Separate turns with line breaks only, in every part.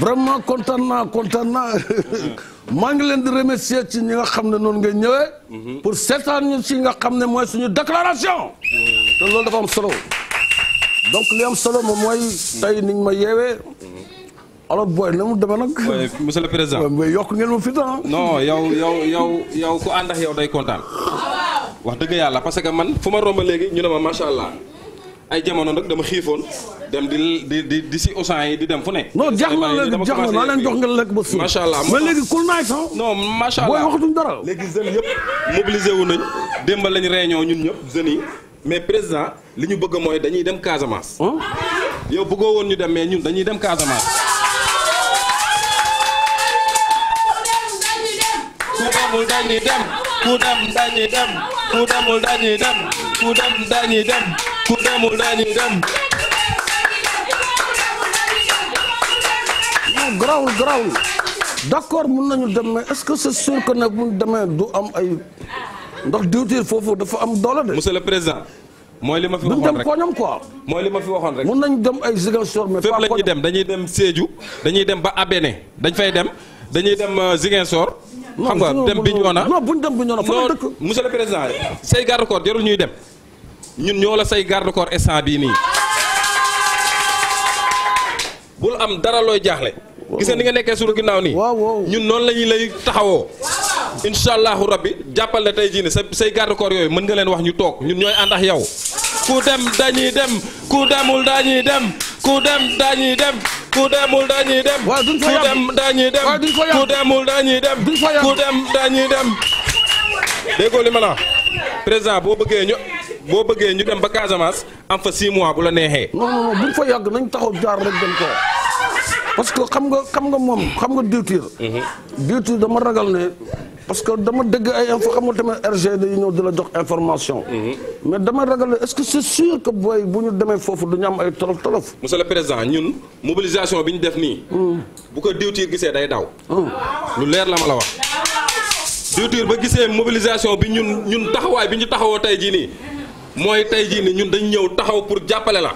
vraiment kontaan naa kontaan naa maa ngi leen di remercier ci ñi nga xam ne noonu ngay ñëwee. Mhm. pour seetaan ñu si nga xam ne mooy suñu déclaration. Mhm. te loolu dafa am solo. donc li am solo moom mooy. tey niñ ma yeewee. Mhm. alors booy na mu demee nag. monsieur le président waaw yokk ngeen ma fi tam. non yow yow yow
yow ku ànd ak yow day kontaan. Ah, wax dëgg yàlla parce que man fu ma romb léegi ñu ne ma macha allah. ay jamono nag dama xiifoon dem di di di si osan yi di dem fu ne. non jax na léegi jax na naa leen jox nga lekk ba suuf. macha allah mais léegi kul naay sax. non macha allah booy waxatuñ dara. léegi jeunes yëpp mobilisé wu démb lañ réunion ñun ñëpp jeunes yi mais président li ñu bëgg mooy dañuy dem Casamance. yow bëggoo woon ñu dem mais ñun dañuy dem Casamance. demul dañuy dem ku dem dañuy dem ku demul dañuy dem ku dem dañuy dem. mu dañuy dem.
non garaawul garaawul d'accord mun nañu dem mais est-ce que c'est sûr que nag mun demee
du am ay ndax diwtiir foofu dafa am doole de. monsieur président. mooy li ma fi waxoon rek duñ dem quoi. mooy li ma fi waxoon rek. mun nañu dem ay Ziguinchor mais. fépp la ñuy dem dañuy dem Sédhiou dañuy dem ba Abéné dañ fay dem dañuy dem euh, Ziguinchor. xam nga dem Bignona bu ñu dem Bignona fa la dëkk. monsieur le président say garde corps jarul ñuy dem. ñun ñoo la say garde corps bii nii bul am dara looy jaaxle. gis nga ni nga nekkee suñu ginnaaw nii. ñun noonu la ñuy lay taxawoo. incha allahu rabbi jàppal na tey jii ne sa say garde yooyu mën nga leen wax ñu toog ñun ñooy ànd yow. ku dem dañuy dem ku demul dañuy dem ku dem dañuy dem. ku demul dañuy dem. waaw duñ fa yàgg ku dem dañuy dem. waaw duñ fa yàgg ku demul dañuy dem. duñ fa dañuy dem. déggoo li ma président boo bëggee ñu. boo bëggee ñu dem ba Casamance am fa 6 mois bu la neexee.
non non bu ñu fa yàgg nañ taxaw jaar rek dem ko parce que xam nga xam nga moom xam nga diwtiir. Mhm. diwtiir dama ragal ne. parce que dama dëgg ay info xam nga dañu ñëw di la jox information. Mhm. mais dama ragal est-ce que c'est sûr bu ñu demee foofu du ñu am ay tolof tolof.
monsieur président ñun mobilisation bi ñu def nii. Hmm. bu ko diwtiir gisee day daw. Hmm. lu leer la ma la wax. diwtiir ba gisee mobilisation bi ñun ñun taxawaay bi ñu taxawoo tey jii nii. mooy tey jii ni ñun dañu ñëw taxaw pour jàppale la.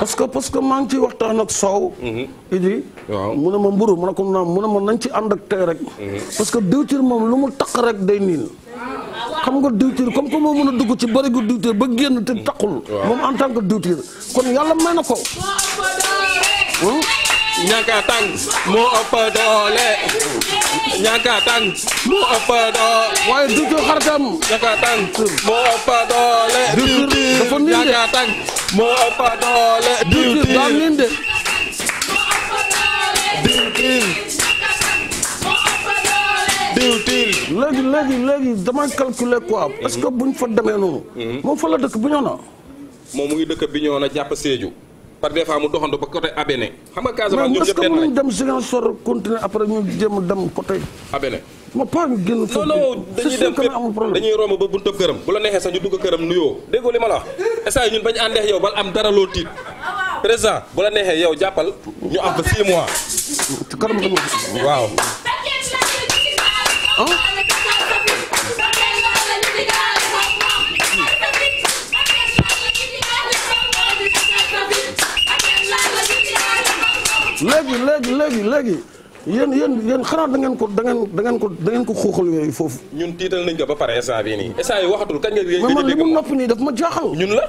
parce que parce que maa ngi ciy waxtaan ak soow mhm. Idi. waaw mu ne ma mburu mu ne ko mu ne ma nañ ci ànd ak tey rek. Mhm. parce que diwtiir moom lu mu taq rek day niin xam nga diwtiir comme que moo mën a dugg ci barigo diwtiir ba génn te taqul. moom en tant que diwtiir kon yàlla may na ko.
ñàkk a moo ëpp doole. ñaka tang moo ëpp doole
diwtiir léegi léegi léegi dama calculer quoi est-ce que buñ fa demee noonu mm-hmm. moom fa la dëkk Bignona
moom mu ngi dëkk Bignona jàpp Sédhiou par des fois mu doxantu ba côté Abéné. xam nga Casamance ñoom ñëpp benn lañ
dem Ziguinchor continuer après ñu jéem a dem côté. Abéné. ma pas ñu génn. non
dañuy romb ba buntu këram. bu la neexee sax ñu dugg këram nuyoo déggoo li ma la wax est ñun bañ àndeex yow bal am dara loo tiit président bu la neexee yow jàppal ñu am ba 6 mois. waaw.
léegi léegi léegi léegi yéen yéen yéen xanaa da ngeen ko da ngeen da ngeen ko da ngeen ko xuuxal yooyu foofu.
ñun tiital nañ ko ba pare instant bii nii. instant yi waxatul kañ nga. mais man li mu noppi ñun la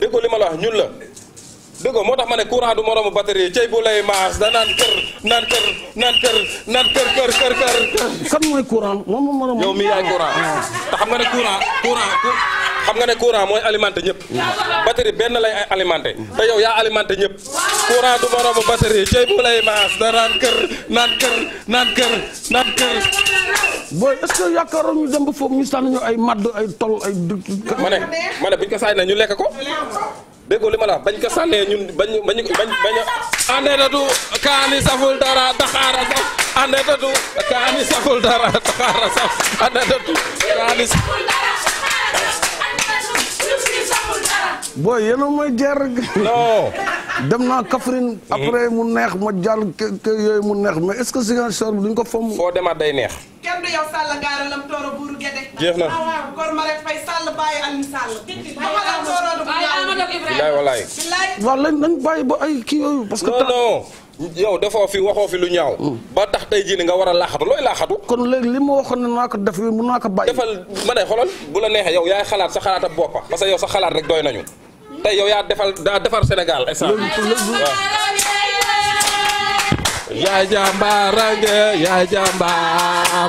déggoo li ma la ñun la. déggoo moo tax ma ne courant du moroomu batterie cey bu lay maas da naan kër naan kër naan kër naan kër kër kër kër.
kan mooy courant moom moom moroomu. yow mii yaay courant
te xam nga ne courant courant. xam nga ne courant mooy alimenté ñëpp batterie benn lay alimenté te yow yaa alimenté ñëpp courant du moromu batterie cey lay maas da naan kër naan kër naan kër booy est ce ñu
dem ba foofu ñu sànni ñu ay madd ay tol ay ma ne
ma ne buñ ko saay na ñu lekk ko déggoo li ma la wax bañ ko sànnee ñun bañ bañ bañ bañ andeta du kaani saful dara daxaara saf andeta kaani saful dara daxaara saf
booy yéen mooy may jar. non. dem naa Kaffrine. après mu neex ma jàll ke yooyu mu neex mais est-ce que Ziguinchor bi ko fomm. foo demaat day neex.
kenn du yow Sall Ngaara Lam Tooro
Buuru na ah waaw Kor Marème
Faye bàyyi ba ay kii yooyu. parce que non non. defoo fi waxoo fi lu ñaaw. Mm. ba tax tey jii ni nga war a laaxatu looy laaxatu. kon léegi li ma waxoon ne naa ko def mën naa ko bàyyi. defal ma ne xoolal bu la neexee yow yaay xalaat sa xalaat ak boppam parce que sa xalaat rek doy nañu tey yow yaa defal daa defar Sénégal instant. yaa jàmbaarange yaa jàmbaar.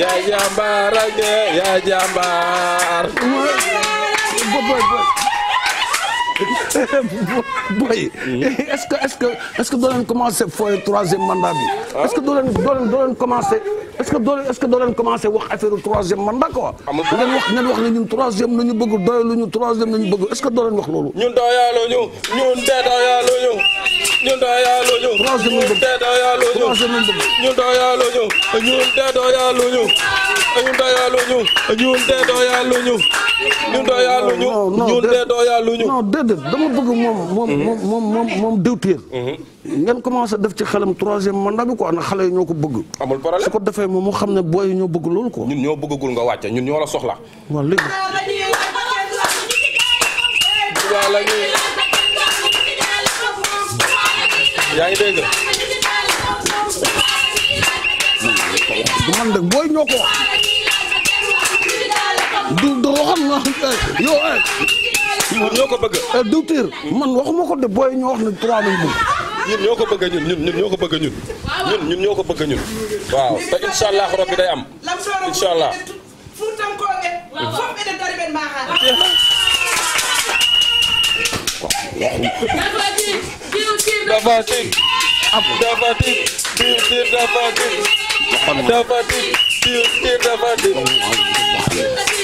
yaa jàmbaarange yaa jàmbaar.
boy est-ce que est-ce que est-ce que doo leen commencé fooy troisième mandat bi. Ah. est-ce que doo leen doo leen doo leen commencé est-ce que doo est-ce que doo leen commencé wax affaire troisième mandat quoi. ngeen wax ngeen wax ne ñun troisième la ñu bëgg doyalu ñu troisième la ñu bëgg est-ce que doo leen wax loolu.
ñun doyalu ñu ñun de doyalu ñu. ñun doyalu ñu. troisième lañ bëgg ñun de doyalu ñu. troisième lañ bëgg ñun doyalu ñu. ñun de doyalu ñu. ñun doyalu ñu. ñun de doyalu ñu. ñun doo yaa luñu ñun de doo
yaa luñu non déedéet dama bëgg moom moom mhm. moom moom moom diwtiir mhm. ngeen commencé def ci xelam troisième mandat bi quoi na xale yi ñoo ko bëgg amul problème moom mu xam ne booy yi ñoo bëgg loolu quoi ñun ñoo bëggagul nga wàcce ñun ñoo la soxla waaw léegi yaa ngi dégg man de booy ñoo ko Eh. ñoo ko bëgg. Eh, docteur man ñu wax ñoo ko bëgg ñun
ñun ko bëgg ñun. ñun ñoo ko bëgg ñun. waaw te incha allah rabbi day allah. dafa tin dafa tin dafa tin